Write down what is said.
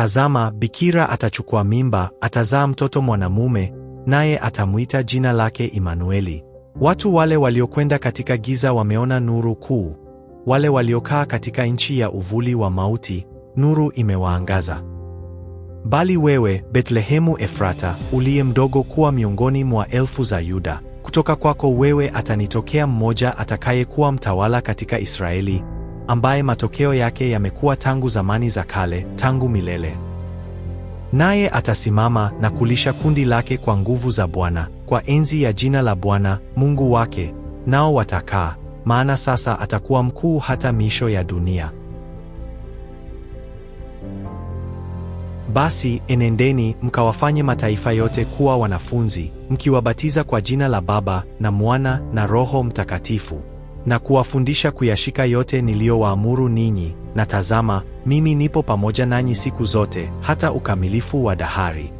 Tazama, bikira atachukua mimba, atazaa mtoto mwanamume, naye atamwita jina lake Imanueli. Watu wale waliokwenda katika giza wameona nuru kuu, wale waliokaa katika nchi ya uvuli wa mauti, nuru imewaangaza. Bali wewe, Betlehemu Efrata, uliye mdogo kuwa miongoni mwa elfu za Yuda, kutoka kwako wewe atanitokea mmoja atakayekuwa mtawala katika Israeli, ambaye matokeo yake yamekuwa tangu zamani za kale, tangu milele. Naye atasimama na kulisha kundi lake kwa nguvu za Bwana, kwa enzi ya jina la Bwana Mungu wake, nao watakaa, maana sasa atakuwa mkuu hata miisho ya dunia. Basi enendeni mkawafanye mataifa yote kuwa wanafunzi, mkiwabatiza kwa jina la Baba na Mwana na Roho Mtakatifu, na kuwafundisha kuyashika yote niliyowaamuru ninyi, na tazama, mimi nipo pamoja nanyi siku zote hata ukamilifu wa dahari.